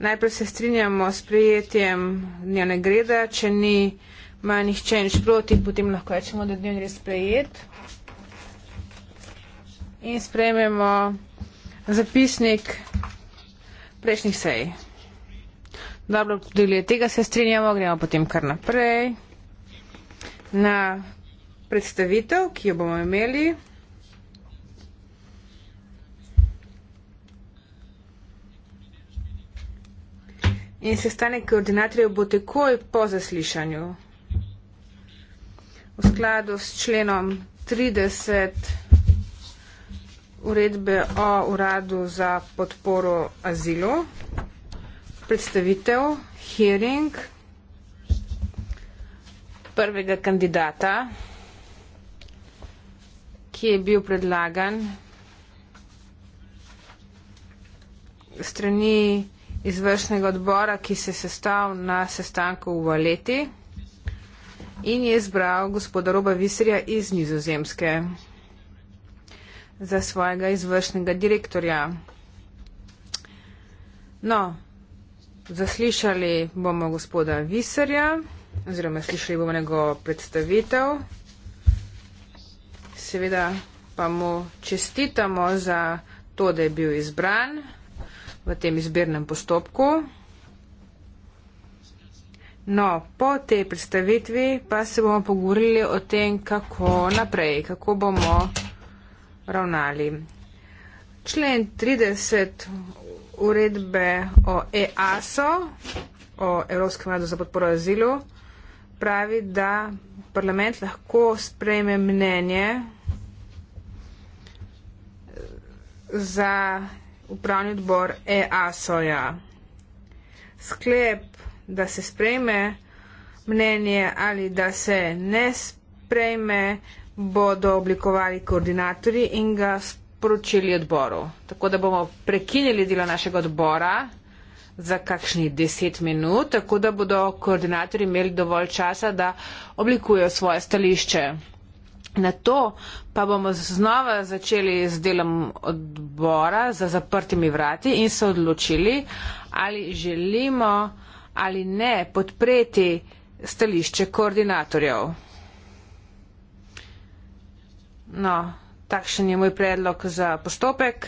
Najprej se strinjamo s prijetjem dnevnega reda, če ni manj nihče nič proti, potem lahko rečemo, da je dnevni red sprejet. In sprejmemo zapisnik prejšnjih sej. Dobro, glede tega se strinjamo, gremo potem kar naprej na predstavitev, ki jo bomo imeli. in sestanek koordinatorjev bo takoj po zaslišanju. V skladu s členom 30 uredbe o uradu za podporo azilu, predstavitev, hearing prvega kandidata, ki je bil predlagan strani izvršnega odbora, ki se je sestal na sestanku v Valeti in je izbral gospoda Roba Visirja iz Nizozemske za svojega izvršnega direktorja. No, zaslišali bomo gospoda Visarja, oziroma slišali bomo njegovo predstavitev. Seveda pa mu čestitamo za to, da je bil izbran v tem izbirnem postopku. No, po tej predstavitvi pa se bomo pogovorili o tem, kako naprej, kako bomo ravnali. Člen 30 uredbe o EASO, o Evropskem radu za podporo azilu, pravi, da parlament lahko sprejme mnenje za upravni odbor EASOJA. Sklep, da se sprejme mnenje ali da se ne sprejme, bodo oblikovali koordinatori in ga sporočili odboru. Tako da bomo prekinili delo našega odbora za kakšni deset minut, tako da bodo koordinatori imeli dovolj časa, da oblikujejo svoje stališče. Na to pa bomo znova začeli z delom odbora za zaprtimi vrati in se odločili, ali želimo ali ne podpreti stališče koordinatorjev. No, takšen je moj predlog za postopek.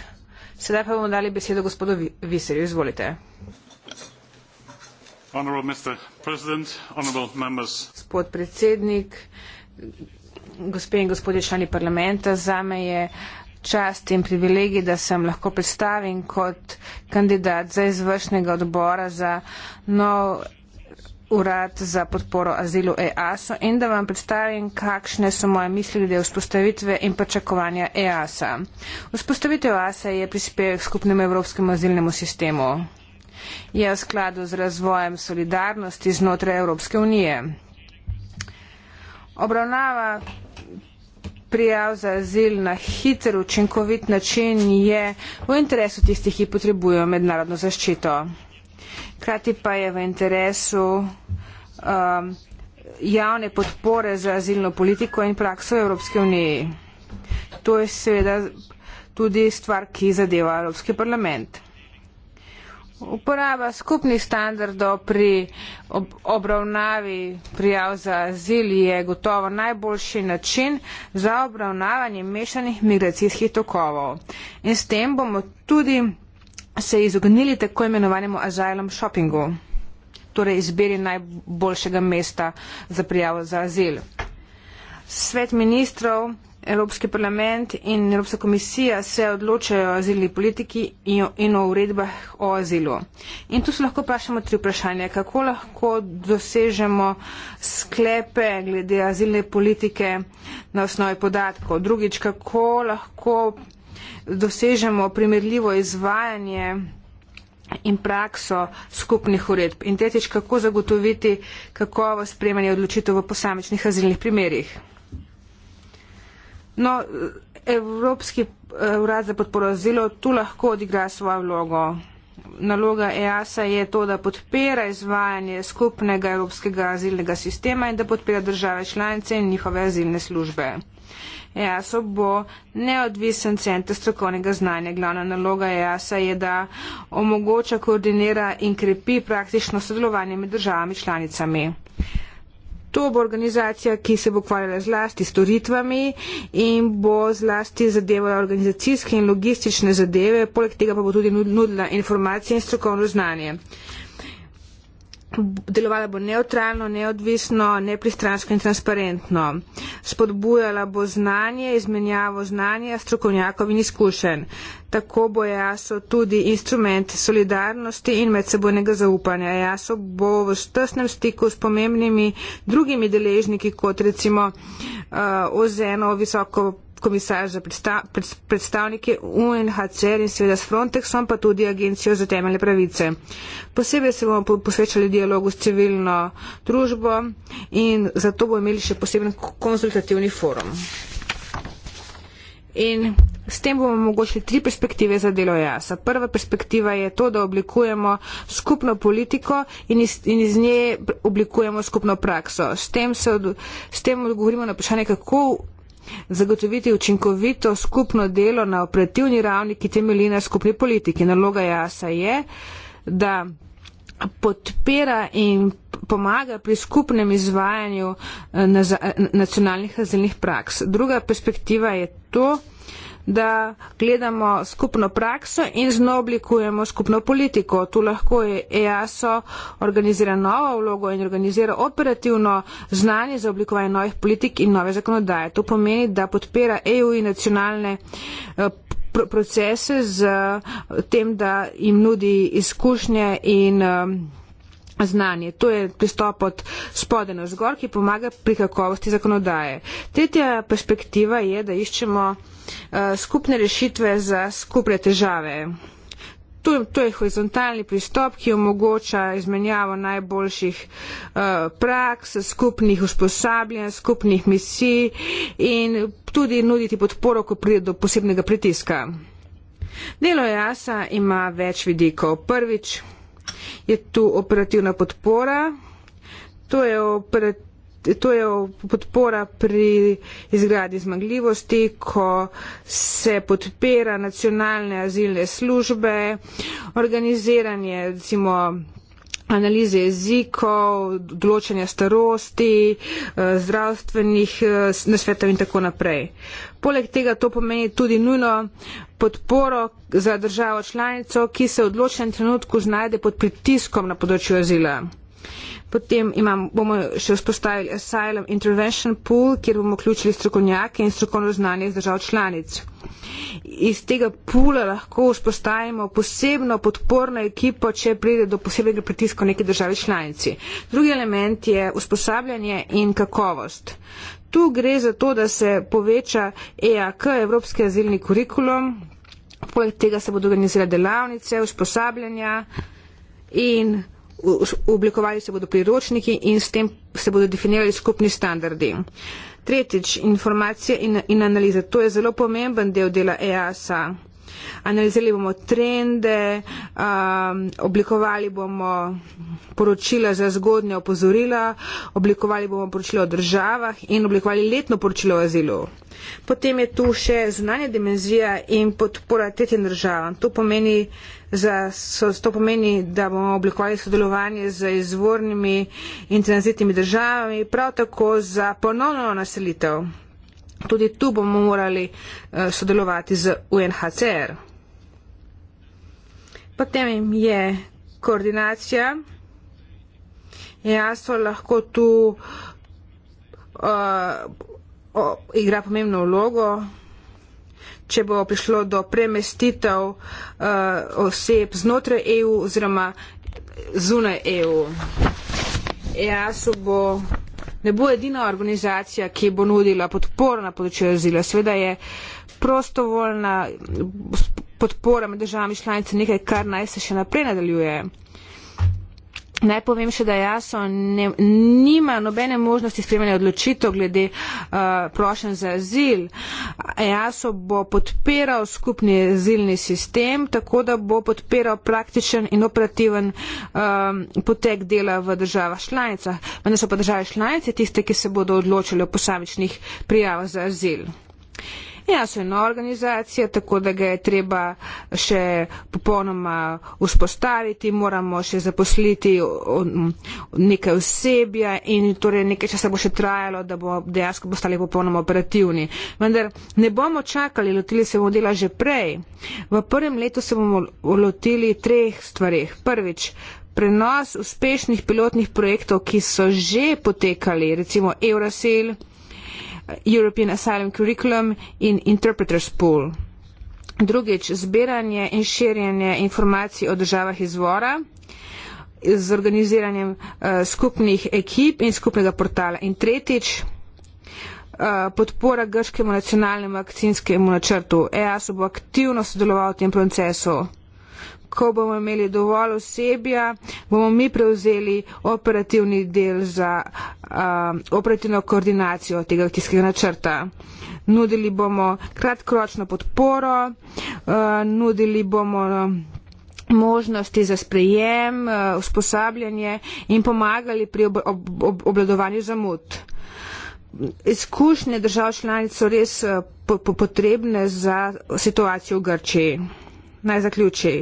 Sedaj pa bomo dali besedo gospodu Viserju. Izvolite. Gospod predsednik, gospe in gospodje člani parlamenta, zame je čast in privilegij, da sem lahko predstavim kot kandidat za izvršnega odbora za nov urad za podporo azilu EASO in da vam predstavim, kakšne so moje misli glede vzpostavitve in pričakovanja EASA. Vzpostavitev EASA je prispevek skupnemu evropskemu azilnemu sistemu. Je v skladu z razvojem solidarnosti znotraj Evropske unije. Obravnava prijav za azil na hiter, učinkovit način je v interesu tistih, ki potrebujejo mednarodno zaščito. Krati pa je v interesu um, javne podpore za azilno politiko in prakso v Evropske unije. To je seveda tudi stvar, ki zadeva Evropski parlament uporaba skupnih standardov pri ob obravnavi prijav za azil je gotovo najboljši način za obravnavanje mešanih migracijskih tokovov. In s tem bomo tudi se izognili tako imenovanemu azilom shoppingu, torej izbiri najboljšega mesta za prijavo za azil. Svet ministrov Evropski parlament in Evropska komisija se odločajo o azilni politiki in o uredbah o azilu. In tu se lahko vprašamo tri vprašanja. Kako lahko dosežemo sklepe glede azilne politike na osnovi podatkov? Drugič, kako lahko dosežemo primerljivo izvajanje in prakso skupnih uredb? In tretjič, kako zagotoviti kakovost sprejemanja odločitev v posamečnih azilnih primerjih? No, Evropski eh, urad za podporo zelo tu lahko odigra svojo vlogo. Naloga EASA je to, da podpira izvajanje skupnega evropskega azilnega sistema in da podpira države članice in njihove azilne službe. EASO bo neodvisen center strokovnega znanja. Glavna naloga EASA je, da omogoča, koordinira in krepi praktično sodelovanje med državami članicami. To bo organizacija, ki se bo ukvarjala zlasti s storitvami in bo zlasti zadevala organizacijske in logistične zadeve, poleg tega pa bo tudi nudila informacije in strokovno znanje delovala bo neutralno, neodvisno, nepristransko in transparentno. Spodbujala bo znanje, izmenjavo znanja, strokovnjakov in izkušenj. Tako bo JASO tudi instrument solidarnosti in medsebojnega zaupanja. JASO bo v stresnem stiku s pomembnimi drugimi deležniki, kot recimo uh, OZN-o, visoko komisar za predsta, predstavnike UNHCR in seveda s Frontexom, pa tudi Agencijo za temeljne pravice. Posebej se bomo posvečali dialogu s civilno družbo in zato bomo imeli še poseben konzultativni forum. In s tem bomo omogočili tri perspektive za delo JASA. Prva perspektiva je to, da oblikujemo skupno politiko in iz, in iz nje oblikujemo skupno prakso. S tem, se, s tem odgovorimo na vprašanje, kako zagotoviti učinkovito skupno delo na operativni ravni, ki temelji na skupni politiki. Naloga JASA je, da podpira in pomaga pri skupnem izvajanju eh, nacionalnih azilnih praks. Druga perspektiva je to, da gledamo skupno prakso in zno oblikujemo skupno politiko. Tu lahko je EASO organizira novo vlogo in organizira operativno znanje za oblikovanje novih politik in nove zakonodaje. To pomeni, da podpira EU in nacionalne eh, pr procese z tem, da jim nudi izkušnje in um, znanje. To je pristop od spodeno zgor, ki pomaga pri kakovosti zakonodaje. Tretja perspektiva je, da iščemo eh, skupne rešitve za skupne težave. To, to je horizontalni pristop, ki omogoča izmenjavo najboljših uh, praks, skupnih usposabljanj, skupnih misij in tudi nuditi podporo, ko pride do posebnega pritiska. Delo JASA e ima več vidikov. Prvič, je tu operativna podpora, to je, opera, to je podpora pri izgradnji zmagljivosti, ko se podpira nacionalne azilne službe, organiziranje recimo analize jezikov, določanja starosti, eh, zdravstvenih eh, nasvetov in tako naprej. Poleg tega to pomeni tudi nujno podporo za državo članico, ki se v odločenem trenutku znajde pod pritiskom na področju azila. Potem imam, bomo še vzpostavili Asylum Intervention Pool, kjer bomo vključili strokovnjake in strokovno znanje iz držav članic. Iz tega pula lahko vzpostavimo posebno podporno ekipo, če pride do posebnega pritiska neke države članici. Drugi element je usposabljanje in kakovost. Tu gre za to, da se poveča EAK, Evropski azilni kurikulum, poleg tega se bodo organizirale delavnice, usposabljanja in oblikovali se bodo priročniki in s tem se bodo definirali skupni standardi. Tretjič, informacije in, in analize. To je zelo pomemben del dela EAS-a analizirali bomo trende, um, oblikovali bomo poročila za zgodnje opozorila, oblikovali bomo poročilo o državah in oblikovali letno poročilo o azilu. Potem je tu še znanje dimenzija in podpora tretjim državam. To pomeni, za, so, to pomeni, da bomo oblikovali sodelovanje z izvornimi in tranzitnimi državami, prav tako za ponovno naselitev. Tudi tu bomo morali eh, sodelovati z UNHCR. Potem je koordinacija. Jasno lahko tu uh, o, igra pomembno vlogo, če bo prišlo do premestitev uh, oseb znotraj EU oziroma zunaj EU. EASO bo ne bo edina organizacija, ki bo nudila podporo na področju azila. Sveda je prostovoljna podpora med državami članice nekaj, kar naj se še naprej nadaljuje. Naj povem še, da jaz ne, nima nobene možnosti spremljanja odločitev glede uh, eh, prošen za azil. Jaz bo podpiral skupni azilni sistem, tako da bo podpiral praktičen in operativen um, potek dela v državah šlanicah. Vendar so pa države šlanice tiste, ki se bodo odločili o posamičnih prijavah za azil. Uh, Ja, še ena organizacija, tako da ga je treba še popolnoma vzpostaviti, moramo še zaposliti nekaj osebja in torej nekaj časa bo še trajalo, da bo dejansko postali popolnoma operativni. Vendar ne bomo čakali, lotili se bomo dela že prej. V prvem letu se bomo lotili treh stvarih. Prvič, prenos uspešnih pilotnih projektov, ki so že potekali, recimo Eurasil, European Asylum Curriculum in Interpreters Pool. Drugič, zbiranje in širjenje informacij o državah izvora z organiziranjem uh, skupnih ekip in skupnega portala. In tretjič, uh, podpora grškemu nacionalnemu akcijskemu načrtu. EAS bo aktivno sodeloval v tem procesu ko bomo imeli dovolj osebja, bomo mi prevzeli operativni del za um, operativno koordinacijo tega akcijskega načrta. Nudili bomo kratkoročno podporo, uh, nudili bomo um, možnosti za sprejem, uh, usposabljanje in pomagali pri ob, ob, ob, obladovanju zamud. Izkušnje držav članic so res uh, potrebne za situacijo v Grčiji naj zaključi.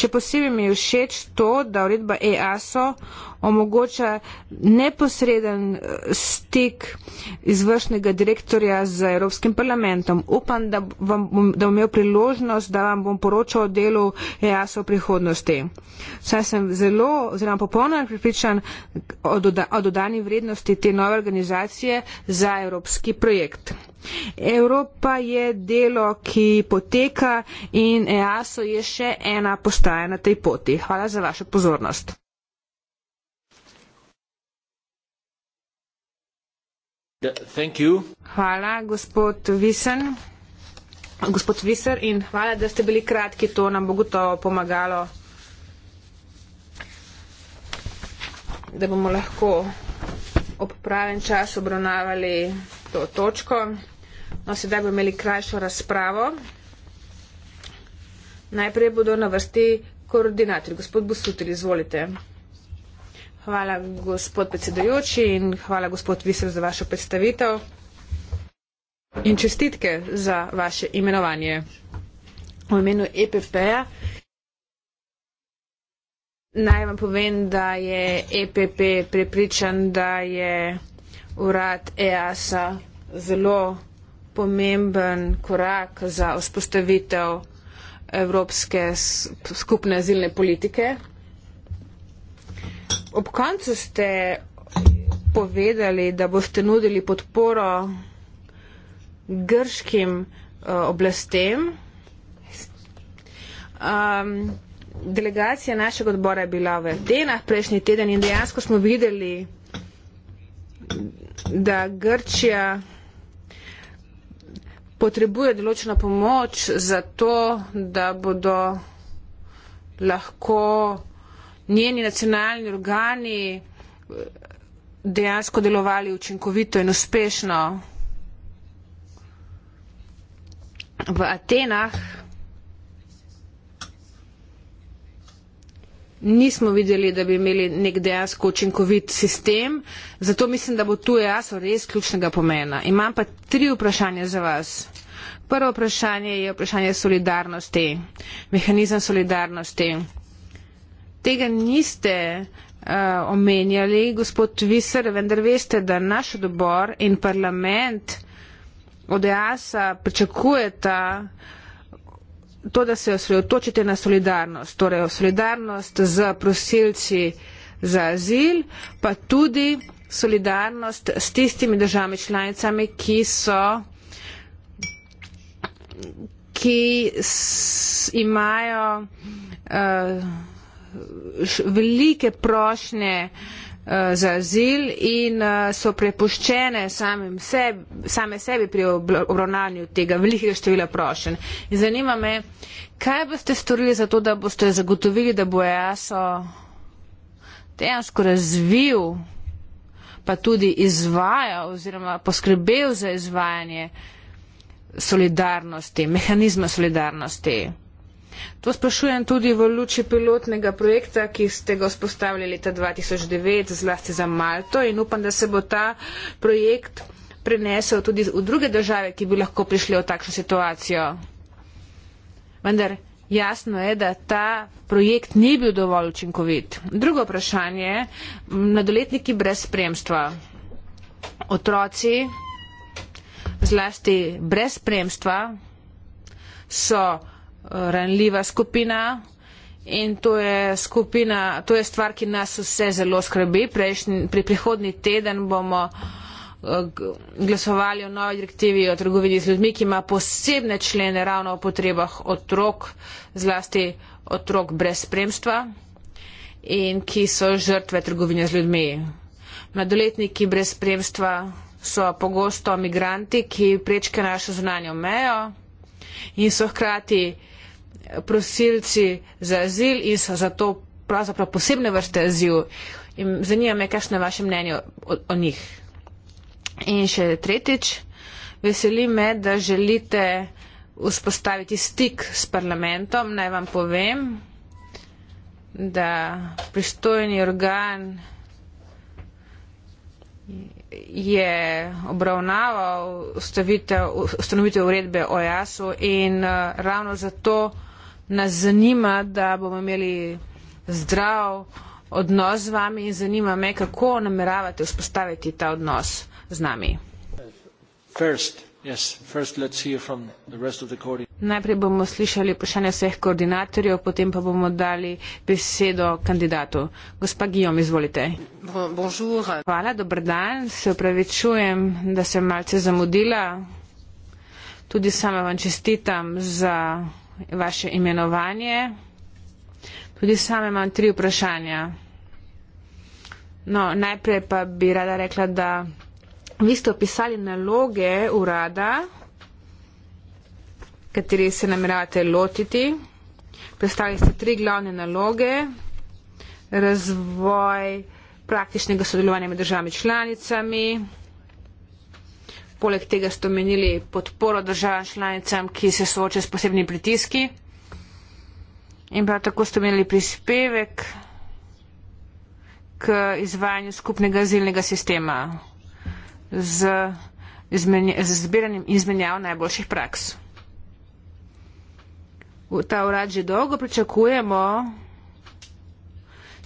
Še posebej mi je všeč to, da uredba EASO omogoča neposreden eh, stik izvršnega direktorja z Evropskim parlamentom. Upam, da, vam, da bom imel priložnost, da vam bom poročal o delu EAS v prihodnosti. Saj sem zelo, zelo popolnoma pripričan o, doda, o dodani vrednosti te nove organizacije za evropski projekt. Evropa je delo, ki poteka in EASO je še ena postaja na tej poti. Hvala za vašo pozornost. Hvala, gospod Visen. Gospod Viser in hvala, da ste bili kratki, to nam bo gotovo pomagalo, da bomo lahko ob pravem času obravnavali to točko. No, sedaj bomo imeli krajšo razpravo. Najprej bodo na vrsti koordinatorji. Gospod Busutelj, izvolite. Hvala, gospod predsedujoči in hvala, gospod Visel, za vašo predstavitev in čestitke za vaše imenovanje. V imenu EPP-ja naj vam povem, da je EPP prepričan, da je urad EASA zelo pomemben korak za vzpostavitev Evropske skupne azilne politike. Ob koncu ste povedali, da boste nudili podporo grškim uh, oblastem. Um, delegacija našega odbora je bila v Atenah prejšnji teden in dejansko smo videli, da Grčija potrebuje določeno pomoč za to, da bodo lahko njeni nacionalni organi eh, dejansko delovali učinkovito in uspešno. V Atenah nismo videli, da bi imeli nek dejansko učinkovit sistem, zato mislim, da bo tu jaso res ključnega pomena. Imam pa tri vprašanja za vas. Prvo vprašanje je vprašanje solidarnosti, mehanizem solidarnosti tega niste uh, omenjali, gospod Viser, vendar veste, da naš odbor in parlament od EASA pričakujeta to, da se osredotočite na solidarnost, torej solidarnost z prosilci za azil, pa tudi solidarnost s tistimi državami članicami, ki so ki s, imajo uh, velike prošnje eh, za azil in eh, so prepuščene samim sebi, same sebi pri obravnanju tega velikega števila prošen. In zanima me, kaj boste storili za to, da boste zagotovili, da bo EASO dejansko razvil, pa tudi izvajal oziroma poskrbel za izvajanje solidarnosti, mehanizma solidarnosti. To sprašujem tudi v luči pilotnega projekta, ki ste ga spostavili leta 2009, zlasti za Malto in upam, da se bo ta projekt prenesel tudi v druge države, ki bi lahko prišli v takšno situacijo. Vendar jasno je, da ta projekt ni bil dovolj učinkovit. Drugo vprašanje je mladoletniki brez spremstva. Otroci zlasti brez spremstva so ranljiva skupina in to je, skupina, to je stvar, ki nas vse zelo skrbi. Prejšnji, pri prihodni teden bomo eh, glasovali o novi direktivi o trgovini z ljudmi, ki ima posebne člene ravno o potrebah otrok, zlasti otrok brez spremstva in ki so žrtve trgovine z ljudmi. Mladoletniki brez spremstva so pogosto migranti, ki prečkajo našo zunanjo mejo in so hkrati eh, prosilci za azil in so zato pravzaprav posebne vrste azil. In zanima me, kakšno je vaše mnenje o, o njih. In še tretjič, veseli me, da želite vzpostaviti stik s parlamentom. Naj vam povem, da pristojni organ je obravnaval ustanovitev uredbe o jasu in uh, ravno zato nas zanima, da bomo imeli zdrav odnos z vami in zanima me, kako nameravate vzpostaviti ta odnos z nami. First najprej bomo slišali vprašanje vseh koordinatorjev potem pa bomo dali besedo kandidatu gospa Guillaume izvolite Bonjour. hvala dober dan se opravičujem da sem malce zamudila tudi sama vam čestitam za vaše imenovanje tudi sama imam tri vprašanja no najprej pa bi rada rekla da Vi ste opisali naloge urada, kateri se nameravate lotiti. Predstavili ste tri glavne naloge. Razvoj praktičnega sodelovanja med državami članicami. Poleg tega ste omenili podporo državam članicam, ki se soočajo s posebnimi pritiski. In prav tako ste omenili prispevek k izvajanju skupnega azilnega sistema z zbiranjem in izmenjav najboljših praks. V ta urad že dolgo pričakujemo,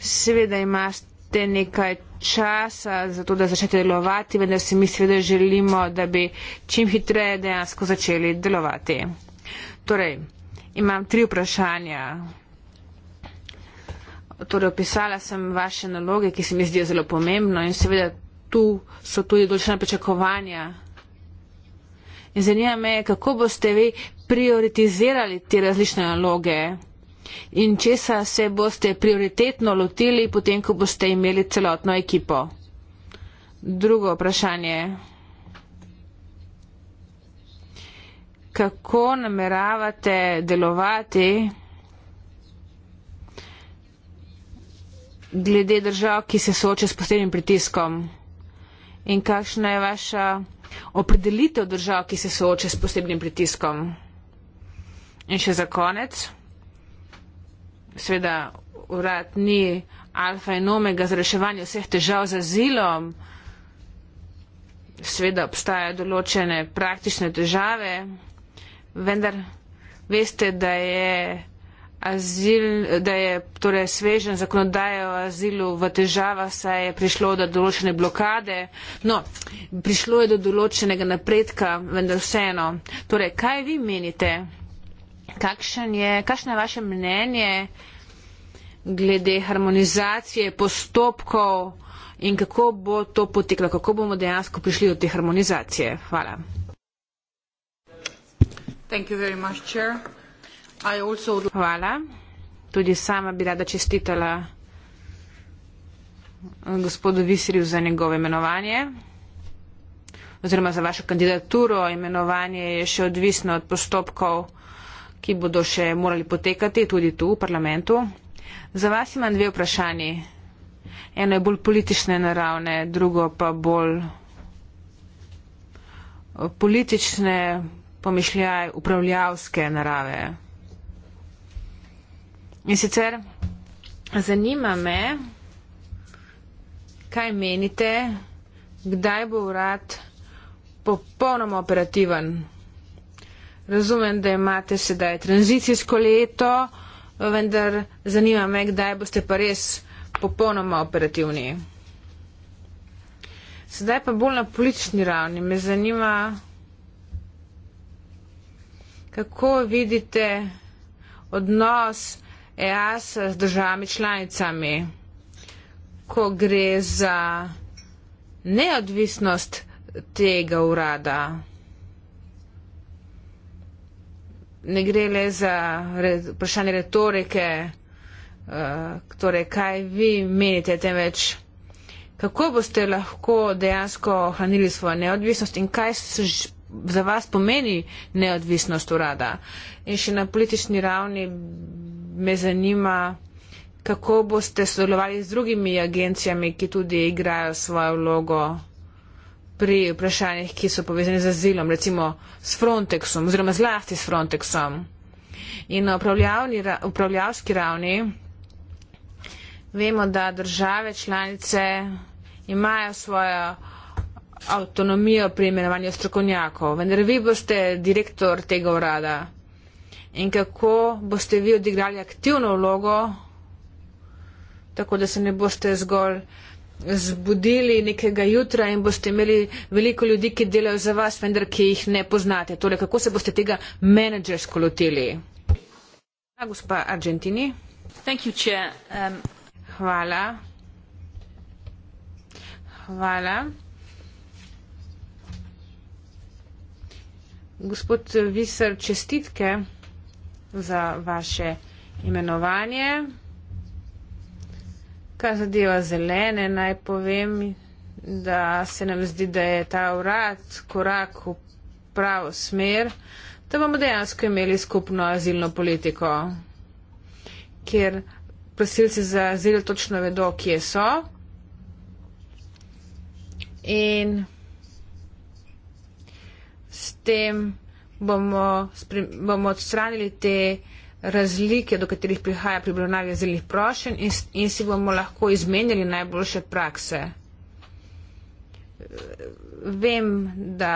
seveda imate nekaj časa za to, da začnete delovati, vendar si mi seveda želimo, da bi čim hitreje dejansko začeli delovati. Torej, imam tri vprašanja. Torej, opisala sem vaše naloge, ki se mi zdijo zelo pomembno in seveda tu, so tudi določena pričakovanja. In zanima me, kako boste vi prioritizirali te različne naloge in česa se boste prioritetno lotili, potem, ko boste imeli celotno ekipo. Drugo vprašanje. Kako nameravate delovati glede držav, ki se soče s posebnim pritiskom? In kakšna je vaša opredelitev držav, ki se sooče s posebnim pritiskom? In še za konec, seveda urad ni alfa in omega za reševanje vseh težav za zilom, seveda obstajajo določene praktične težave, vendar veste, da je azil, da je torej svežen zakonodaje o azilu v težava, saj je prišlo do določene blokade. No, prišlo je do določenega napredka, vendar vseeno. Torej, kaj vi menite? Je, kakšno je vaše mnenje glede harmonizacije postopkov in kako bo to poteklo, kako bomo dejansko prišli do te harmonizacije? Hvala. Thank you very much, Chair. Hvala. Tudi sama bi rada čestitala eh, gospodu Visirju za njegovo imenovanje oziroma za vašo kandidaturo. Imenovanje je še odvisno od postopkov, ki bodo še morali potekati tudi tu v parlamentu. Za vas imam dve vprašanje. Eno je bolj politične naravne, drugo pa bolj eh, politične pomišljaj upravljavske narave. In sicer zanima me, kaj menite, kdaj bo urad popolnoma operativen. Razumem, da imate sedaj tranzicijsko leto, vendar zanima me, kdaj boste pa res popolnoma operativni. Sedaj pa bolj na politični ravni. Me zanima, kako vidite odnos EASA z državami članicami, ko gre za neodvisnost tega urada. Ne gre le za vprašanje retorike, eh, torej kaj vi menite, temveč kako boste lahko dejansko ohranili svojo neodvisnost in kaj za vas pomeni neodvisnost urada. In še na politični ravni me zanima, kako boste sodelovali z drugimi agencijami, ki tudi igrajo svojo vlogo pri vprašanjih, ki so povezani z azilom, recimo s Frontexom oziroma zlasti s Frontexom. In na upravljavski ravni vemo, da države članice imajo svojo avtonomijo pri imenovanju strokovnjakov, vendar vi boste direktor tega urada in kako boste vi odigrali aktivno vlogo, tako da se ne boste zgolj zbudili nekega jutra in boste imeli veliko ljudi, ki delajo za vas, vendar ki jih ne poznate. Torej, kako se boste tega menedžersko lotili? Hvala, gospa Argentini. You, um... Hvala. Hvala. Gospod Visar, čestitke za vaše imenovanje. Kar zadeva zelene, naj povem, da se nam zdi, da je ta urad korak v pravo smer, da bomo dejansko imeli skupno azilno politiko, kjer prosilci za azil točno vedo, kje so. In s tem bomo, bomo odstranili te razlike, do katerih prihaja pri obravnavi zelenih prošenj in, in si bomo lahko izmenjali najboljše prakse. Vem, da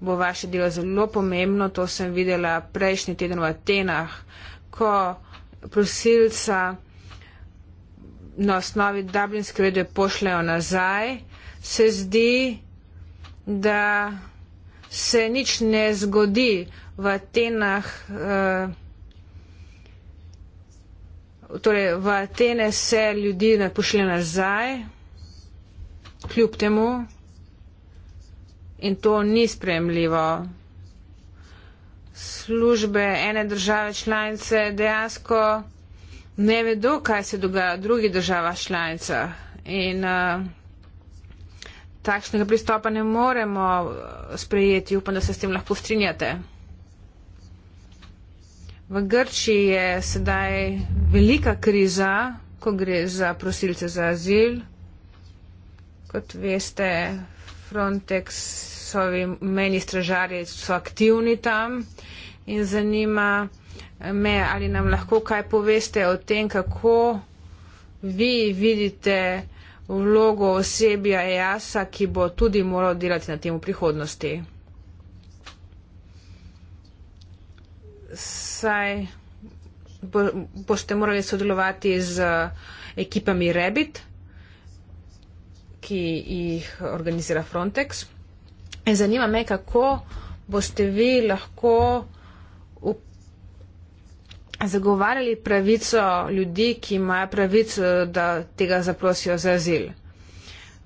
bo vaše delo zelo pomembno, to sem videla prejšnji teden v Atenah, ko prosilca na osnovi dublinske rede pošljajo nazaj, se zdi, da se nič ne zgodi v Atenah. Eh, torej, v Atene se ljudi ne pošlje nazaj, kljub temu, in to ni spremljivo. Službe ene države članice dejansko ne vedo, kaj se dogaja v drugih državah članicah. In uh, takšnega pristopa ne moremo uh, sprejeti. Upam, da se s tem lahko strinjate. V Grčiji je sedaj velika kriza, ko gre za prosilce za azil. Kot veste, Frontex sovi meni stražarji so aktivni tam in zanima me, ali nam lahko kaj poveste o tem, kako vi vidite vlogo osebja EASA, ki bo tudi moral delati na tem v prihodnosti. Saj bo, boste morali sodelovati z ekipami REBIT, ki jih organizira Frontex. In zanima me, kako boste vi lahko zagovarjali pravico ljudi, ki imajo pravico, da tega zaprosijo za azil.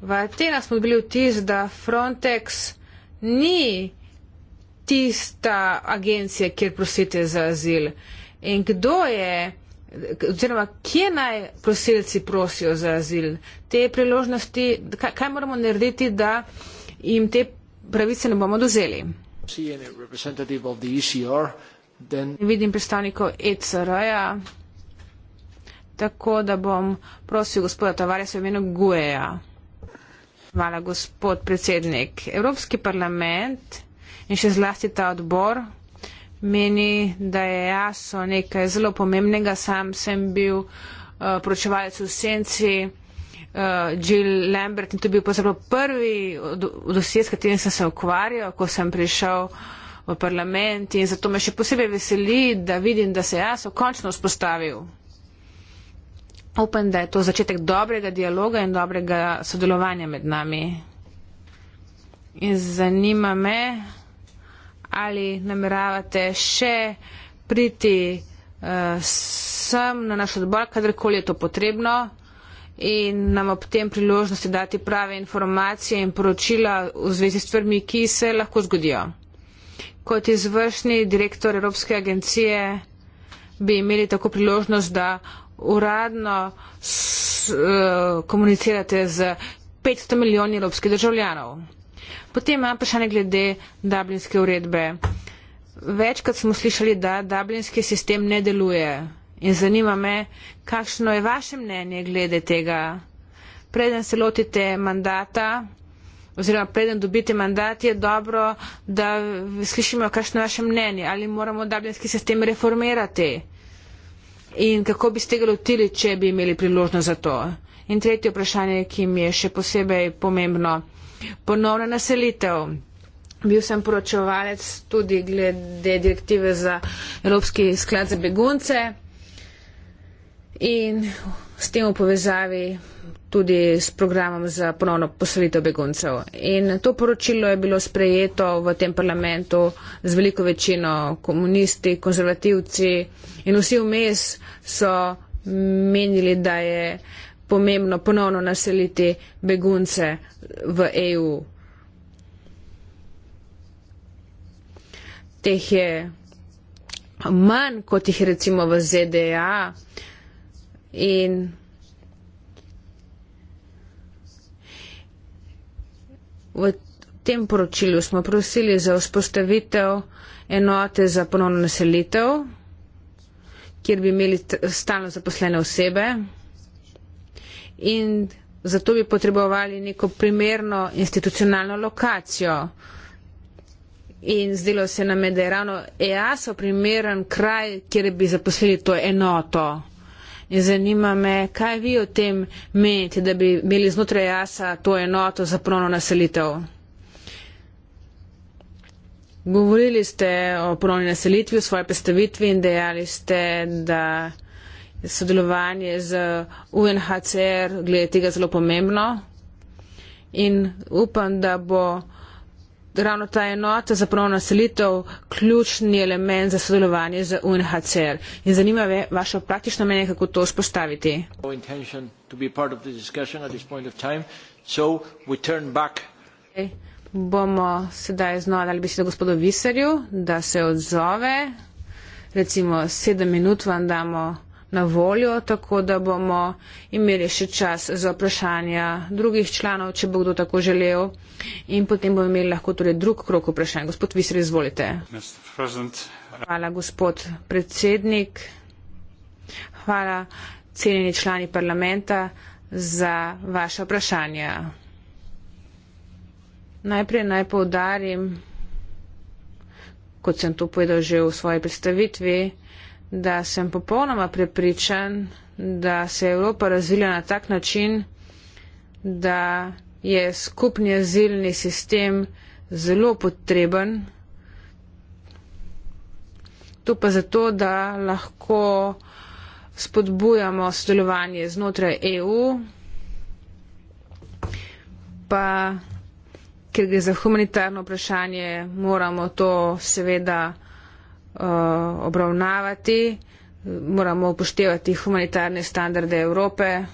V Atenah smo bili vtis, da Frontex ni tista agencija, kjer prosite za azil. In kdo je, oziroma kje naj prosilci prosijo za azil? Te priložnosti, kaj, kaj moramo narediti, da jim te pravice ne bomo dozeli? Then Vidim predstavnikov ECR-ja, tako da bom prosil gospoda Tavares v imenu GUE-ja. Hvala, gospod predsednik. Evropski parlament in še zlasti ta odbor meni, da je jaso nekaj zelo pomembnega. Sam sem bil uh, poročevalec v senci uh, Jill Lambert in to je bil pravzaprav prvi dosjet, s katerim sem se ukvarjal, ko sem prišel uh, v parlament in zato me še posebej veseli, da vidim, da se jaz okončno vzpostavil. Upam, da je to začetek dobrega dialoga in dobrega sodelovanja med nami. In zanima me, ali nameravate še priti uh, sem na naš odbor, kadarkoli je to potrebno in nam ob tem priložnosti dati prave informacije in poročila v zvezi s stvarmi, ki se lahko zgodijo kot izvršni direktor Evropske agencije bi imeli tako priložnost, da uradno s, uh, komunicirate z 500 milijoni evropskih državljanov. Potem imam vprašanje glede dublinske uredbe. Večkrat smo slišali, da dublinski sistem ne deluje in zanima me, kakšno je vaše mnenje glede tega. Preden se lotite mandata, oziroma preden dobite mandat, je dobro, da slišimo, kakšno je vaše mnenje, ali moramo dublinski sistem reformirati in kako bi ste ga lotili, če bi imeli priložnost za to. In tretje vprašanje, ki mi je še posebej pomembno, ponovna naselitev. Bil sem poročevalec tudi glede direktive za Evropski sklad za begunce. In s tem v povezavi tudi s programom za ponovno poselitev beguncev. In to poročilo je bilo sprejeto v tem parlamentu z veliko večino komunisti, konzervativci in vsi vmes so menili, da je pomembno ponovno naseliti begunce v EU. Teh je manj, kot jih recimo v ZDA, In v tem poročilu smo prosili za vzpostavitev enote za ponovno naselitev, kjer bi imeli stalno zaposlene osebe in zato bi potrebovali neko primerno institucionalno lokacijo. In zdelo se nam je, da je ravno EASO primeren kraj, kjer bi zaposlili to enoto. In zanima me, kaj vi o tem menite, da bi imeli znotraj jasa to enoto za prono naselitev? Govorili ste o ponovni naselitvi v svoji predstavitvi in dejali ste, da je sodelovanje z UNHCR glede tega zelo pomembno. In upam, da bo ravno ta enota za ponovno naselitev ključni element za sodelovanje z UNHCR. In zanima me vaše praktično mnenje, kako to spostaviti. No Bomo sedaj znova dali besedo gospodu Viserju, da se odzove. Recimo sedem minut vam damo na voljo, tako da bomo imeli še čas za vprašanja drugih članov, če bo kdo tako želel. In potem bomo imeli lahko tudi drug krok vprašanj. Gospod Visri, izvolite. Hvala, gospod predsednik. Hvala, cenjeni člani parlamenta, za vaše vprašanja. Najprej naj povdarim, kot sem to povedal že v svoji predstavitvi, da sem popolnoma prepričan, da se je Evropa razvila na tak način, da je skupni azilni sistem zelo potreben. To pa zato, da lahko spodbujamo sodelovanje znotraj EU, pa ker gre za humanitarno vprašanje, moramo to seveda. Eh, obravnavati, moramo upoštevati humanitarne standarde Evrope.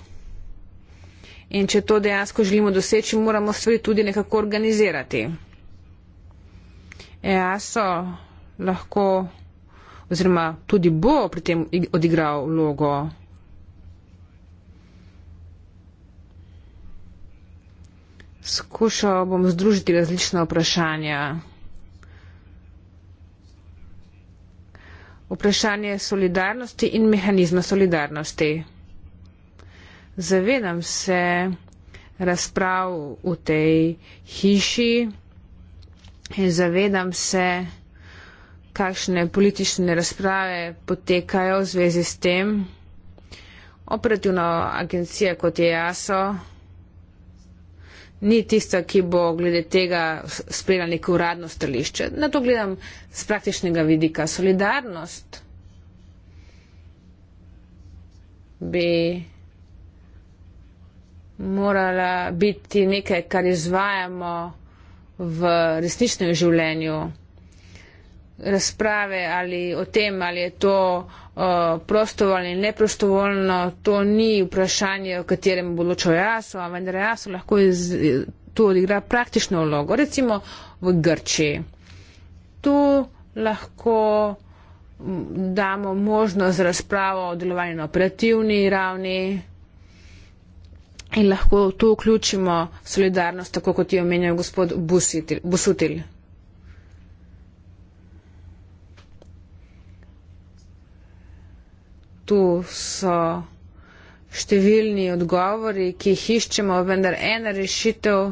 In če to dejansko želimo doseči, moramo stvari tudi nekako organizirati. EASO lahko oziroma tudi bo pri tem odigral vlogo. Skušal bom združiti različna vprašanja. vprašanje solidarnosti in mehanizma solidarnosti. Zavedam se razprav v tej hiši in zavedam se, kakšne politične razprave potekajo v zvezi s tem. Operativna agencija kot je JASO e ni tista, ki bo glede tega sprejela neko uradno stališče. Na to gledam z praktičnega vidika. Solidarnost bi morala biti nekaj, kar izvajamo v resničnem življenju razprave ali o tem, ali je to uh, prostovoljno ali neprostovoljno, to ni vprašanje, o katerem odloča jaso, a vendar jaso lahko iz, tu odigra praktično vlogo. Recimo v Grčiji. Tu lahko damo možnost razpravo o delovanju na operativni ravni in lahko tu vključimo solidarnost, tako kot je omenjal gospod Busutil. Busutil. tu so številni odgovori, ki jih iščemo, vendar ena rešitev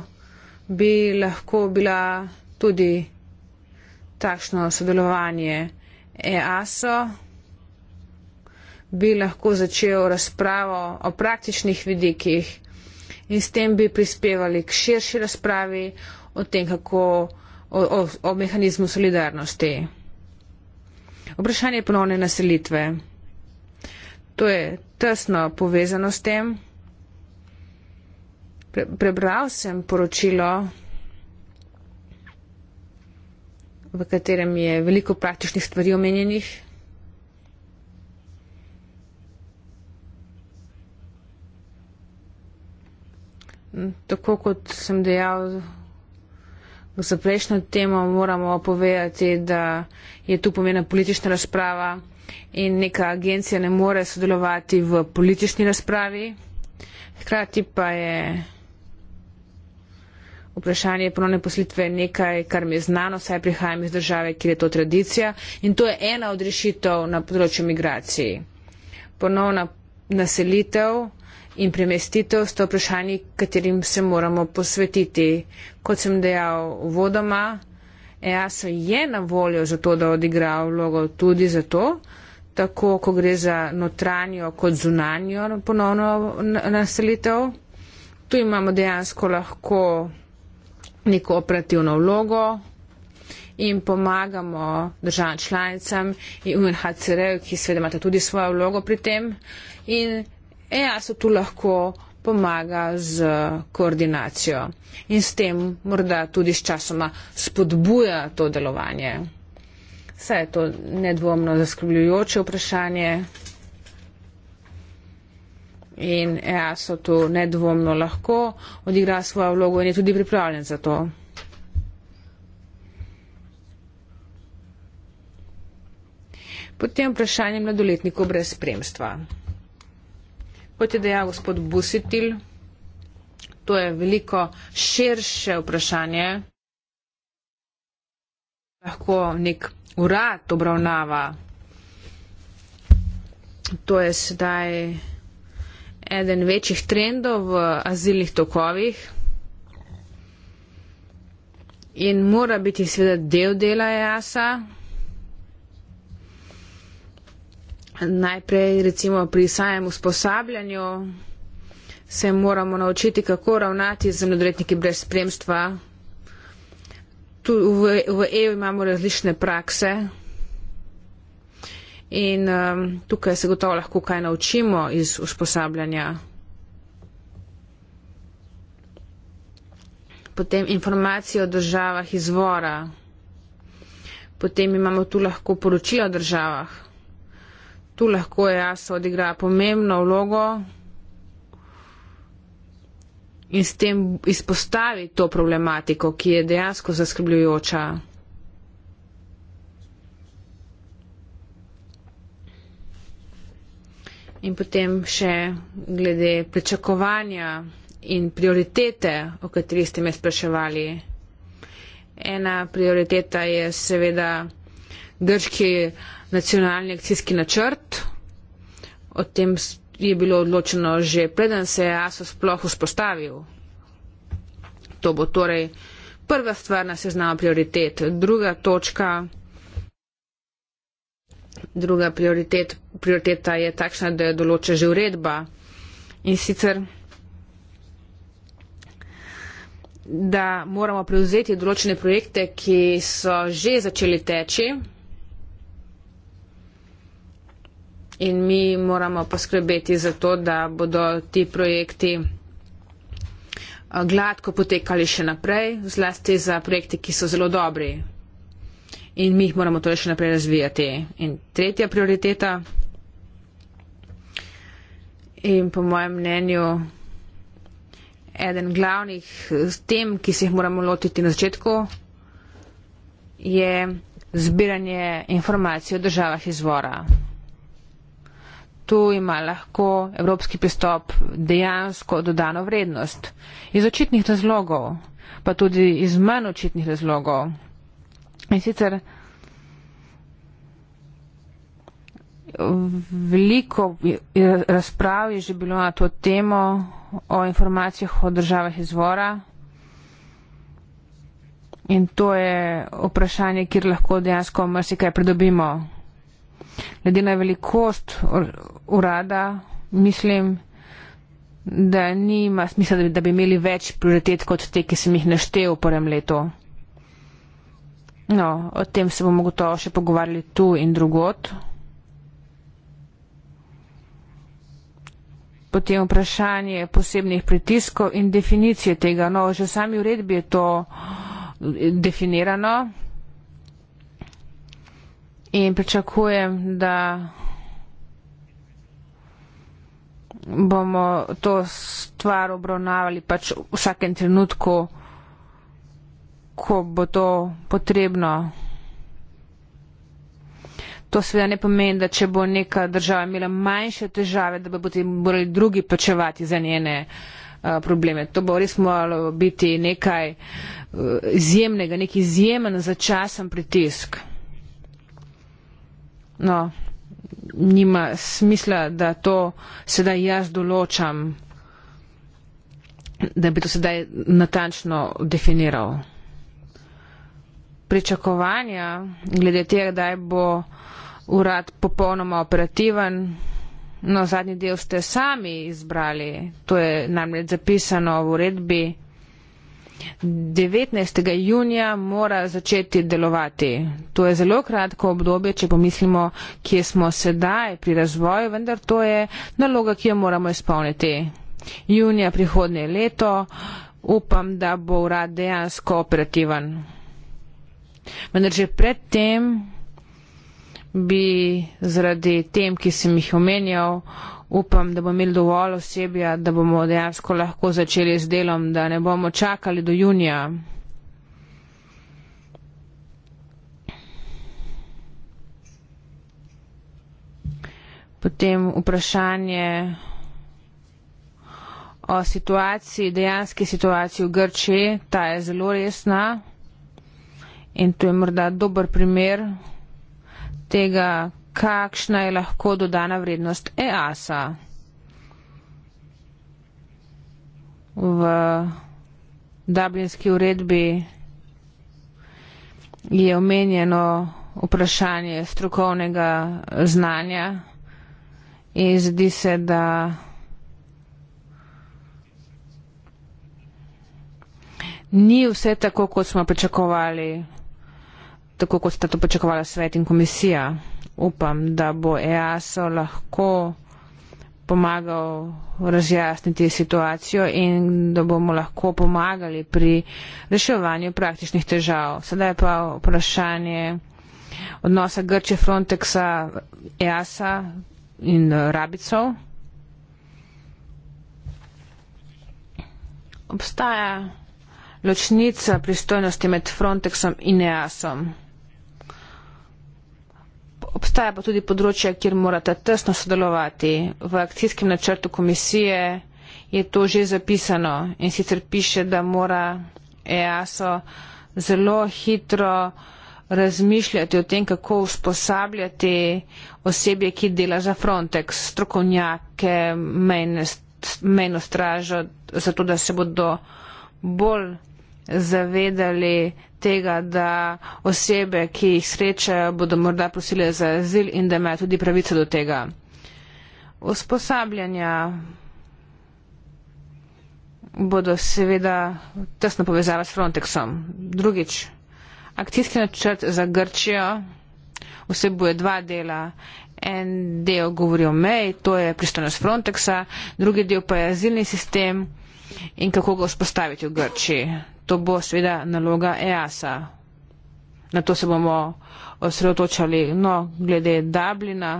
bi lahko bila tudi takšno sodelovanje EASO, bi lahko začel razpravo o praktičnih vidikih in s tem bi prispevali k širši razpravi o tem, kako o, o, o mehanizmu solidarnosti. Vprašanje ponovne naselitve. To je tesno povezano s tem. Pre, prebral sem poročilo, v katerem je veliko praktičnih stvari omenjenih. Tako kot sem dejal za prejšnjo temo, moramo povedati, da je tu pomena politična razprava in neka agencija ne more sodelovati v politični razpravi. Hkrati pa je vprašanje ponovne poslitve nekaj, kar mi je znano, saj prihajam iz države, kjer je to tradicija in to je ena od rešitev na področju migracij. Ponovna naselitev in premestitev sta vprašanji, katerim se moramo posvetiti. Kot sem dejal vodoma, EASA je na voljo za to, da odigra vlogo tudi za to, tako ko gre za notranjo kot zunanjo ponovno naselitev. Tu imamo dejansko lahko neko operativno vlogo in pomagamo državam članicam in UNHCR-ju, ki seveda imate tudi svojo vlogo pri tem. In EASO tu lahko pomaga z koordinacijo in s tem morda tudi sčasoma spodbuja to delovanje. Saj je to nedvomno zaskrbljujoče vprašanje in EASO to nedvomno lahko odigra svojo vlogo in je tudi pripravljen za to. Potem vprašanje mladoletnikov brez spremstva. Kot je dejal gospod Busitil, to je veliko širše vprašanje. Lahko nek urad obravnava. To je sedaj eden večjih trendov v azilnih tokovih. In mora biti seveda del dela jasa. E najprej recimo pri samem usposabljanju se moramo naučiti, kako ravnati z mladoletniki brez spremstva. Tu v, v EU imamo različne prakse in um, tukaj se gotovo lahko kaj naučimo iz usposabljanja. Potem informacije o državah izvora. Potem imamo tu lahko poročila o državah tu lahko jaz odigra pomembno vlogo in s tem izpostavi to problematiko, ki je dejansko zaskrbljujoča. In potem še glede pričakovanja in prioritete, o kateri ste me spraševali. Ena prioriteta je seveda grški nacionalni akcijski načrt. O tem je bilo odločeno že preden se je ASO sploh vzpostavil. To bo torej prva stvar na seznamu prioritet. Druga točka, druga prioritet, prioriteta je takšna, da je določa že uredba. In sicer, da moramo prevzeti določene projekte, ki so že začeli teči. in mi moramo poskrbeti za to, da bodo ti projekti eh, gladko potekali še naprej, zlasti za projekte, ki so zelo dobri. In mi jih moramo torej še naprej razvijati. In tretja prioriteta in po mojem mnenju eden glavnih eh, tem, ki se jih moramo lotiti na začetku, je zbiranje informacij o državah izvora tu ima lahko evropski pristop dejansko dodano vrednost. Iz očitnih razlogov, pa tudi iz manj očitnih razlogov. In sicer veliko razprav je že bilo na to temo o informacijah o državah izvora. In to je vprašanje, kjer lahko dejansko marsikaj pridobimo. Glede na velikost urada, mislim, da nima smisla, da bi, da bi imeli več prioritet kot te, ki sem jih naštel v prvem letu. No, o tem se bomo gotovo še pogovarjali tu in drugot. Potem vprašanje posebnih pritiskov in definicije tega. No, že v sami uredbi je to eh, definirano. In pričakujem, da bomo to stvar obravnavali pač v vsakem trenutku, ko bo to potrebno. To seveda ne pomeni, da če bo neka država imela manjše težave, da bo potem morali drugi plačevati za njene eh, probleme. To bo res moralo biti nekaj eh, izjemnega, nek izjemen začasen pritisk. No, nima smisla, da to sedaj jaz določam, da bi to sedaj natančno definiral. Pričakovanja glede tega, da bo urad popolnoma operativen, no zadnji del ste sami izbrali, to je namreč zapisano v uredbi. 19. junija mora začeti delovati. To je zelo kratko obdobje, če pomislimo, kje smo sedaj pri razvoju, vendar to je naloga, ki jo moramo izpolniti. Junija prihodnje leto upam, da bo urad dejansko operativen. Vendar že predtem bi zaradi tem, ki sem jih omenjal, upam, da bomo imeli dovolj osebja, da bomo dejansko lahko začeli z delom, da ne bomo čakali do junija. Potem vprašanje o situaciji, dejanski situaciji v Grčiji, ta je zelo resna in to je morda dober primer tega, kakšna je lahko dodana vrednost EASA v Dublinski uredbi. Je omenjeno vprašanje strokovnega znanja in zdi se, da ni vse tako, kot smo pričakovali tako kot sta to počakovala svet in komisija. Upam, da bo EASO lahko pomagal razjasniti situacijo in da bomo lahko pomagali pri reševanju praktičnih težav. Sedaj pa vprašanje odnosa Grče Frontexa, EASA in eh, rabicov. Obstaja ločnica pristojnosti med Frontexom in EASOM obstaja pa tudi področje, kjer morate tesno sodelovati. V akcijskem načrtu komisije je to že zapisano in sicer piše, da mora EASO zelo hitro razmišljati o tem, kako usposabljati osebje, ki dela za Frontex, strokovnjake, mejno stražo, zato da se bodo bolj zavedali tega, da osebe, ki jih srečajo, bodo morda prosile za azil in da imajo tudi pravico do tega. Usposabljanja bodo seveda tesno povezala s Frontexom. Drugič, akcijski načrt za Grčijo vsebuje dva dela. En del govori o mej, to je pristojnost Frontexa, drugi del pa je azilni sistem in kako ga vzpostaviti v Grčiji to bo seveda naloga EASA. Na to se bomo osredotočali. No, glede Dublina.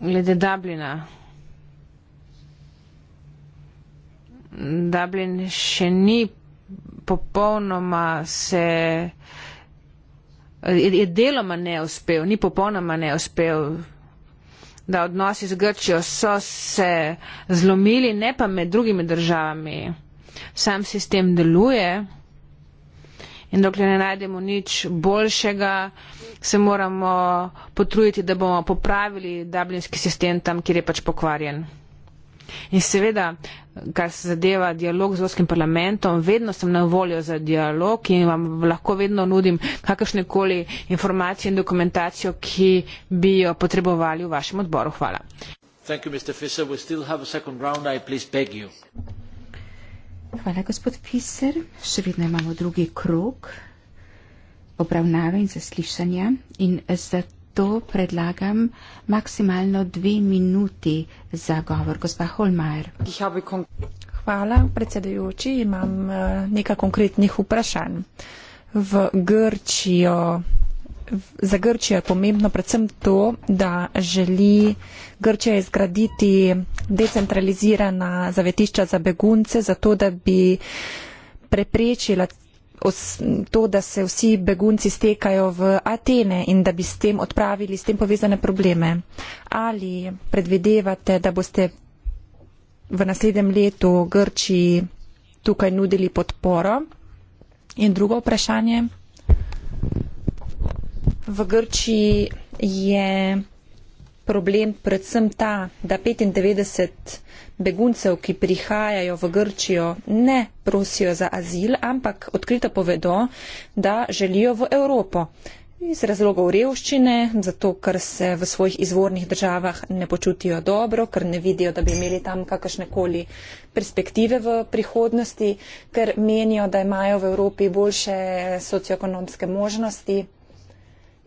Glede Dublina. Dublin še ni popolnoma se. Je deloma neuspel, ni popolnoma neuspel da odnosi z Grčijo so se zlomili, ne pa med drugimi državami. Sam sistem deluje in dokler ne najdemo nič boljšega, se moramo potruditi, da bomo popravili dublinski sistem tam, kjer je pač pokvarjen. In seveda, kar se zadeva dialog z Evropskim parlamentom, vedno sem na voljo za dialog in vam lahko vedno nudim kakršne koli informacije in dokumentacijo, ki bi jo potrebovali v vašem odboru. Hvala. Hvala, gospod Fisser. Še vedno imamo drugi krok obravnave in zaslišanja in zato zato predlagam maksimalno dve minuti za govor. Gospa Holmajer. Hvala, predsedujoči. Imam eh, nekaj konkretnih vprašanj. V Grčijo. Za Grčijo je pomembno predvsem to, da želi Grčija izgraditi decentralizirana zavetišča za begunce, zato da bi preprečila to, da se vsi begunci stekajo v Atene in da bi s tem odpravili s tem povezane probleme? Ali predvidevate, da boste v naslednjem letu Grčiji tukaj nudili podporo? In drugo vprašanje. V Grčiji je problem predvsem ta, da 95 beguncev, ki prihajajo v Grčijo, ne prosijo za azil, ampak odkrito povedo, da želijo v Evropo. Iz razlogov revščine, zato ker se v svojih izvornih državah ne počutijo dobro, ker ne vidijo, da bi imeli tam kakršnekoli perspektive v prihodnosti, ker menijo, da imajo v Evropi boljše socioekonomske možnosti.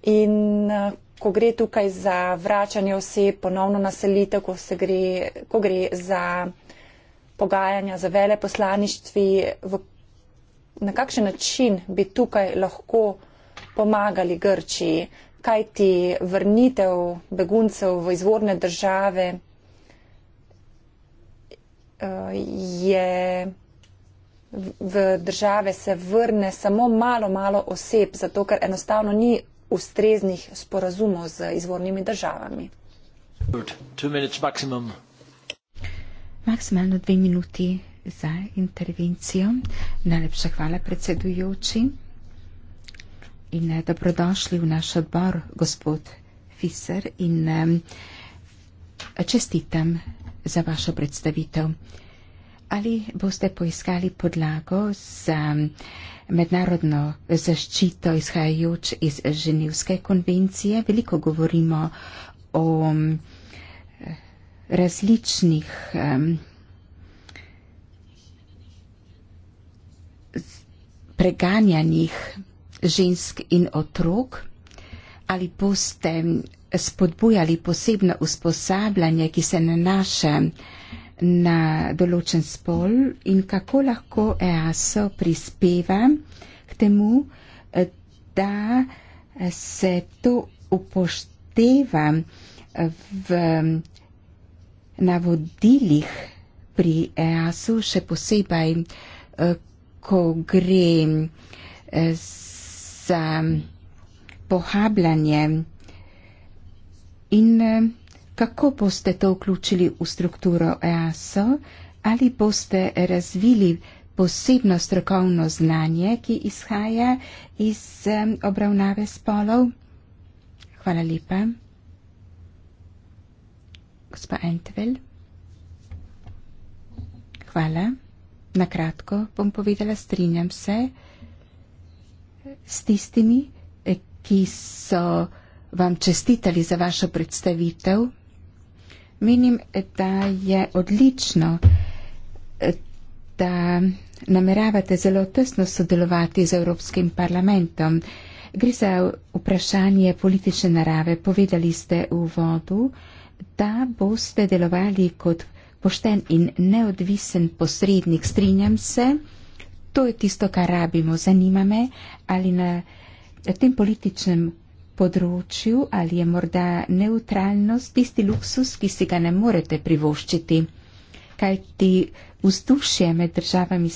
In ko gre tukaj za vračanje oseb, ponovno naselitev, ko, gre, ko gre za pogajanja za veleposlaništvi, v, na kakšen način bi tukaj lahko pomagali Grčiji, kaj ti vrnitev beguncev v izvorne države eh, je v države se vrne samo malo, malo oseb, zato ker enostavno ni ustreznih sporazumov z izvornimi državami. Maksimalno dve minuti za intervencijo. Najlepša hvala, predsedujoči. In eh, dobrodošli v naš odbor, gospod Fiser. In eh, čestitam za vašo predstavitev ali boste poiskali podlago za mednarodno zaščito izhajajoč iz Ženevske konvencije. Veliko govorimo o um, različnih um, preganjanjih žensk in otrok. Ali boste um, spodbujali posebno usposabljanje, ki se nanaša na na določen spol in kako lahko EASO prispeva k temu, eh, da eh, se to upošteva eh, v navodilih pri EASO, še posebej, ko gre za pohabljanje in kako boste to vključili v strukturo EASO, ali boste razvili posebno strokovno znanje, ki izhaja iz obravnave spolov? Hvala lepa. Gospa Entvel. Hvala. Na kratko bom povedala, strinjam se s tistimi, eh, ki so vam čestitali za vašo predstavitev. Menim, da je odlično, da nameravate zelo tesno sodelovati z Evropskim parlamentom. Gre za vprašanje politične narave. Povedali ste v vodu, da boste delovali kot pošten in neodvisen posrednik. Strinjam se, to je tisto, kar rabimo. Zanima me, ali na tem političnem področju ali je morda neutralnost tisti luksus, ki si ga ne morete privoščiti. Kaj ti vzdušje med državami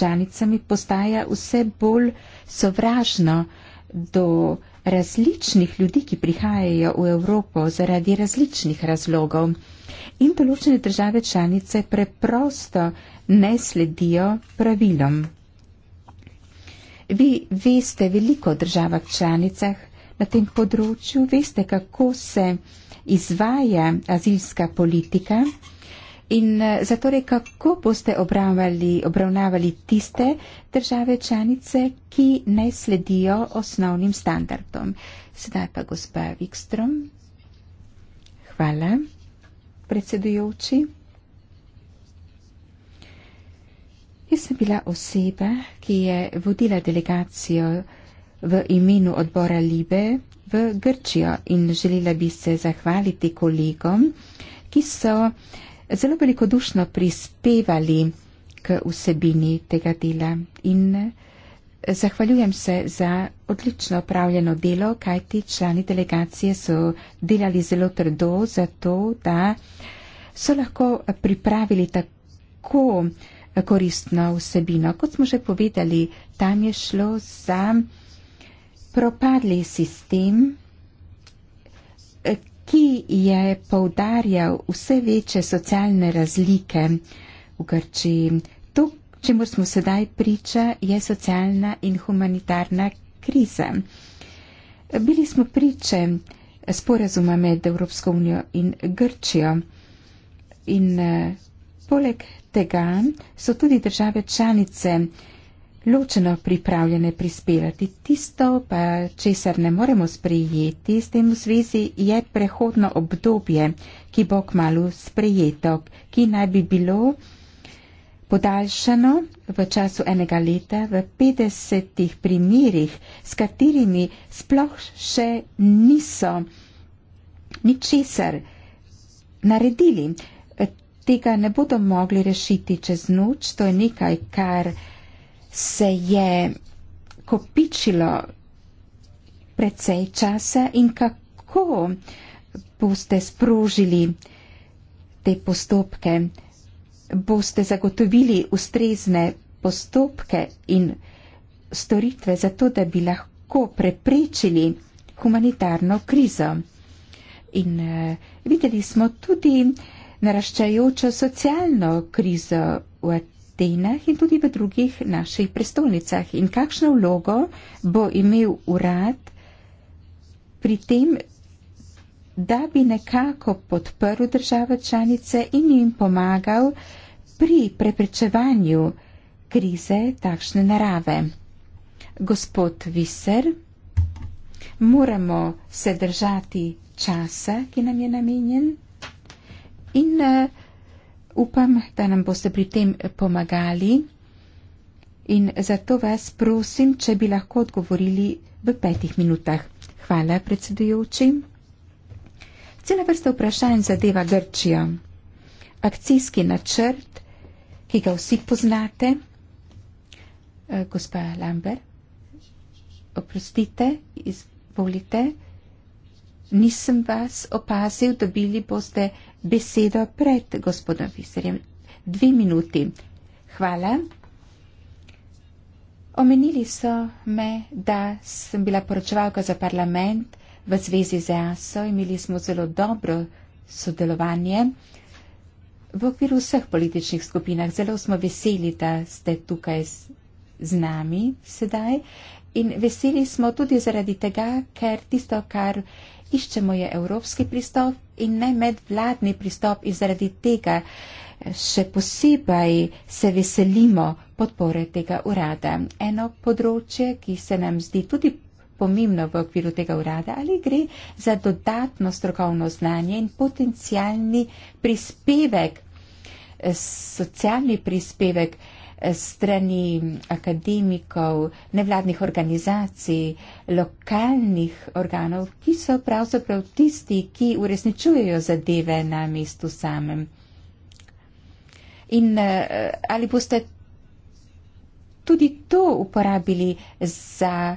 članicami postaja vse bolj sovražno do različnih ljudi, ki prihajajo v Evropo zaradi različnih razlogov. In določene države članice preprosto ne sledijo pravilom. Vi veste veliko o državah članicah, na tem področju, veste, kako se izvaja azilska politika in eh, zatorej, kako boste obravnavali, obravnavali tiste države članice, ki ne sledijo osnovnim standardom. Sedaj pa gospa Vikstrom. Hvala, predsedujoči. Jaz sem bila oseba, ki je vodila delegacijo v imenu odbora Libe v Grčijo in želela bi se zahvaliti kolegom, ki so zelo velikodušno prispevali k vsebini tega dela. In zahvaljujem se za odlično upravljeno delo, kajti člani delegacije so delali zelo trdo za to, da so lahko pripravili tako koristno vsebino. Kot smo že povedali, tam je šlo za propadli sistem, ki je poudarjal vse večje socialne razlike v Grčiji. To, čemu smo sedaj priča, je socialna in humanitarna kriza. Bili smo priče sporazuma med Evropsko unijo in Grčijo in eh, poleg tega so tudi države članice eh, ločeno pripravljene prispevati. Tisto, pa, česar ne moremo sprejeti s tem v zvezi, je prehodno obdobje, ki bo kmalo sprejeto, ki naj bi bilo podaljšano v času enega leta v 50 primerih, s katerimi sploh še niso ničesar naredili. Tega ne bodo mogli rešiti čez noč, to je nekaj, kar se je kopičilo precej časa in kako boste sprožili te postopke, boste zagotovili ustrezne postopke in storitve za to, da bi lahko preprečili humanitarno krizo. In eh, videli smo tudi naraščajočo socialno krizo v stenah in tudi v drugih naših prestolnicah. In kakšno vlogo bo imel urad pri tem, da bi nekako podprl države članice in jim pomagal pri preprečevanju krize takšne narave. Gospod Viser, moramo se držati časa, ki nam je namenjen. In uh, upam, da nam boste pri tem pomagali in zato vas prosim, če bi lahko odgovorili v petih minutah. Hvala, predsedujoči. Cela vrsta vprašanj zadeva Grčijo. Akcijski načrt, ki ga vsi poznate, eh, gospa Lambert, oprostite, izvolite nisem vas opazil, dobili boste besedo pred gospodom Viserjem. Dve minuti. Hvala. Omenili so me, da sem bila poročevalka za parlament v zvezi z EASO. Imeli smo zelo dobro sodelovanje v okviru vseh političnih skupinah. Zelo smo veseli, da ste tukaj z, z nami sedaj. In veseli smo tudi zaradi tega, ker tisto, kar iščemo je evropski pristop in ne medvladni pristop in zaradi tega eh, še posebej se veselimo podpore tega urada. Eno področje, ki se nam zdi tudi pomembno v okviru tega urada, ali gre za dodatno strokovno znanje in potencialni prispevek, eh, socialni prispevek, strani akademikov, nevladnih organizacij, lokalnih organov, ki so pravzaprav tisti, ki uresničujejo zadeve na mestu samem. In eh, ali boste tudi to uporabili za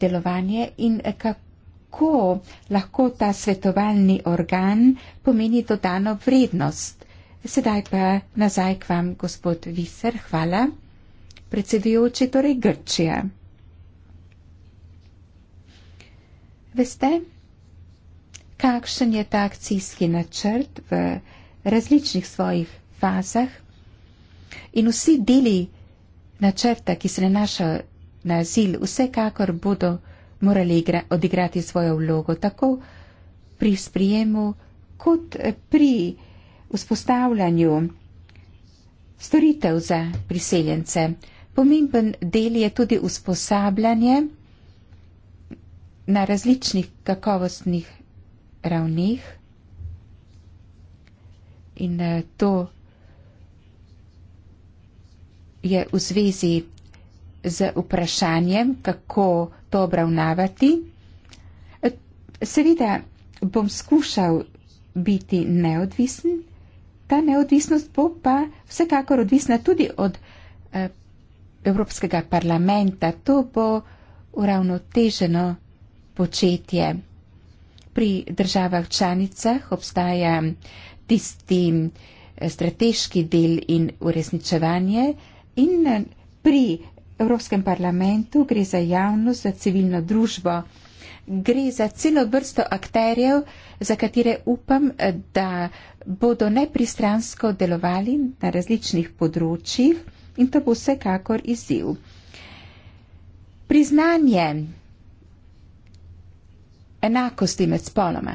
delovanje in eh, kako lahko ta svetovalni organ pomeni dodano vrednost? Sedaj pa nazaj k vam, gospod Viser, hvala. Predsedujoči torej Grčije. Veste, kakšen je ta akcijski načrt v različnih svojih fazah in vsi deli načrta, ki se nanašajo na azil, vsekakor bodo morali odigrati svojo vlogo tako pri sprijemu kot pri vzpostavljanju storitev za priseljence. Pomemben del je tudi usposabljanje na različnih kakovostnih ravnih in eh, to je v zvezi z vprašanjem, kako to obravnavati. Eh, seveda bom skušal biti neodvisen Ta neodvisnost bo pa vsekakor odvisna tudi od eh, Evropskega parlamenta. To bo uravnoteženo početje. Pri državah članicah obstaja tisti eh, strateški del in uresničevanje in eh, pri Evropskem parlamentu gre za javnost, za civilno družbo, gre za celo vrsto akterjev, za katere upam, da bodo nepristransko delovali na različnih področjih in to bo vsekakor izziv. Priznanje enakosti med spoloma.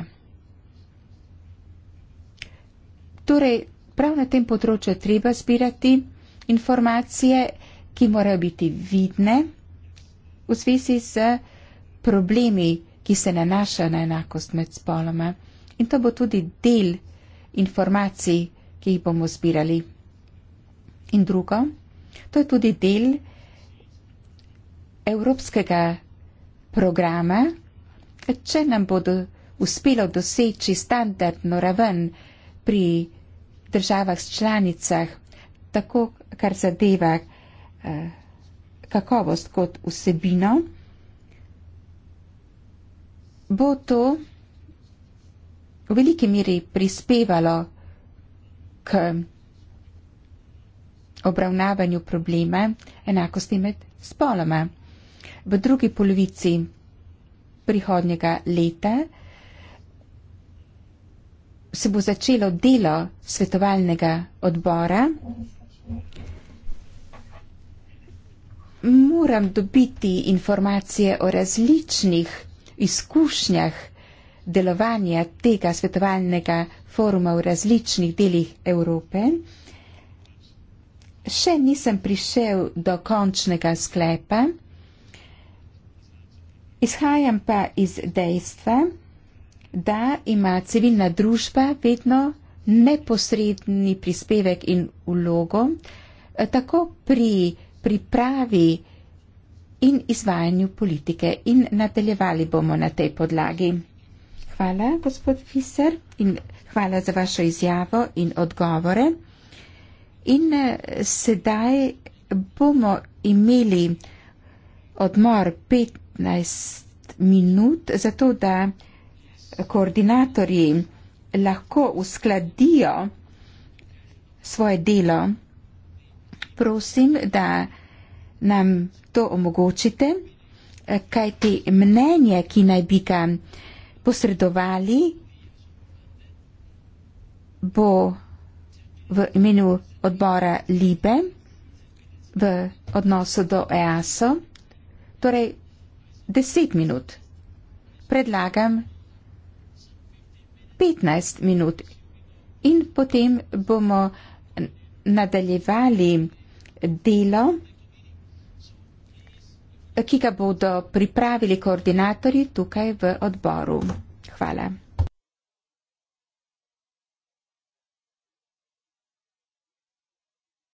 Torej, prav na tem področju treba zbirati informacije, ki morajo biti vidne v zvezi z problemi, ki se nanašajo na enakost med spoloma. In to bo tudi del informacij, ki jih bomo zbirali. In drugo, to je tudi del evropskega programa, če nam bodo uspelo doseči standardno raven pri državah članicah, tako kar zadeva eh, kakovost kot vsebino, bo to v veliki miri prispevalo k obravnavanju problema enakosti med spoloma. V drugi polovici prihodnjega leta se bo začelo delo svetovalnega odbora. Moram dobiti informacije o različnih izkušnjah delovanja tega svetovalnega foruma v različnih delih Evrope, še nisem prišel do končnega sklepa. Izhajam pa iz dejstva, da ima civilna družba vedno neposredni prispevek in vlogo, tako pri pripravi in izvajanju politike. In nadaljevali bomo na tej podlagi. Hvala, gospod Fiser, in hvala za vašo izjavo in odgovore. In eh, sedaj bomo imeli odmor 15 minut, zato da koordinatorji lahko uskladijo svoje delo. Prosim, da nam to omogočite, eh, kajti mnenje, ki naj bi ga posredovali, bo v imenu odbora Libe v odnosu do EASO, torej deset minut. Predlagam petnajst minut in potem bomo nadaljevali delo ki ga bodo pripravili koordinatorji tukaj v odboru. Hvala.